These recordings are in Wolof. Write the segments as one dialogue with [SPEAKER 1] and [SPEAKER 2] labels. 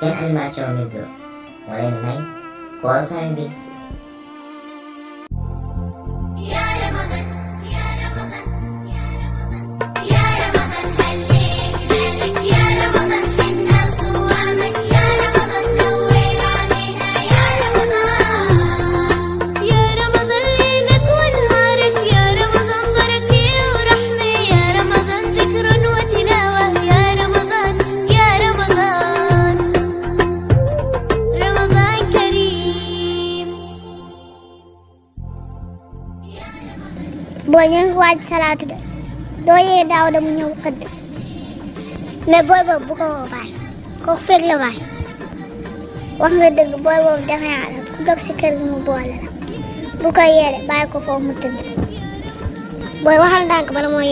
[SPEAKER 1] seen animation Milzo moo leen may Koor Family bi booy ñu waaj salaatu de doo yee daaw da mu ñëw xëdd mais booy boobu bu woo baay kooku fekk la baay wax nga dëgg booy boobu dafay àll ku dog si kër gi mu boole la bu yee de bàyyi ko foofu mu tëdd booy waxal ndànk bala moo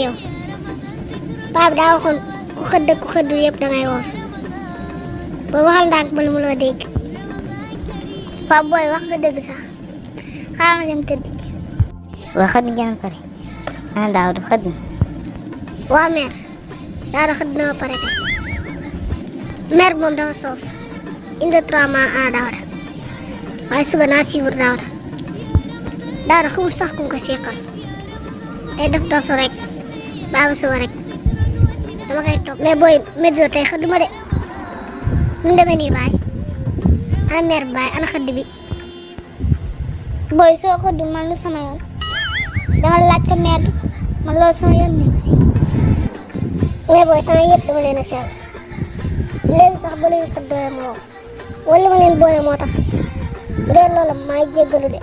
[SPEAKER 1] bala mu loo dégg waaw booy wax nga dëgg sax xaaral ma dem tëdd. waxat ngeen pare. ah Daouda xëdd na. waaw mère Daouda xëdd na ba pare kay. mère moom dafa soof. indi trois mois ah Daouda waaye suba naa siiwul Daouda. Daouda xamul sax ku ko seeqal. day def dof rek baabu suba rek dama koy topp mais booy Medzo tey xëdduma de nu mu nii baay ana mère baay ana xëdd bi. soo xëddul man lu sama yoon. dama laaj ko maire bi ne ko si mais booy temps yëpp dama a seetlu léegi sax ba leen xët doole ma woo wala li ma leen boole moo tax bu de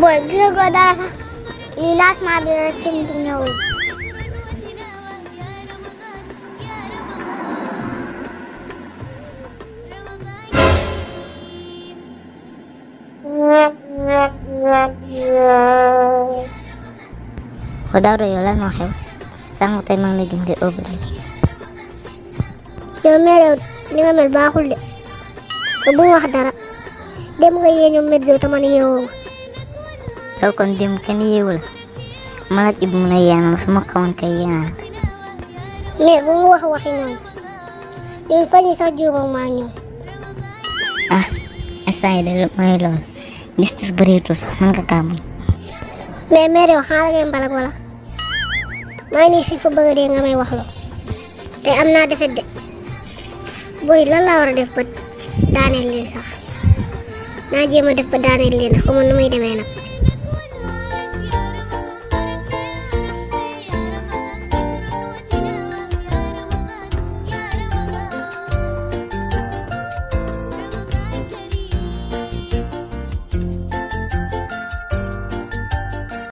[SPEAKER 1] booy gisagoo dara sax lii lancement bi rek film bi ñëwul waaw Daouda yow lan moo xew sànq tey maa ngi lay gis nga obali rek. yow merew mel baaxul de te bu wax dara dem nga yee ñoom Medzo te man yeewoo ma. yow kon dem kenn yeewu la man ak Ibou mun a yeenal su ma xamoon kay yeenal. mais bu mu wax waxi noonu ñun fan yi sax jiw moom maa ah instant de mooy loolu gis-gis bëreetul sax mën nga mais mère yow xaaral ngeen balag wala maa ngi fi fa bëgg dee nga may wax loo te am naa defet de booy lan laa war a def ba daaneel leen sax naa jéem a def ba daaneel leen xamul nu muy demee nag.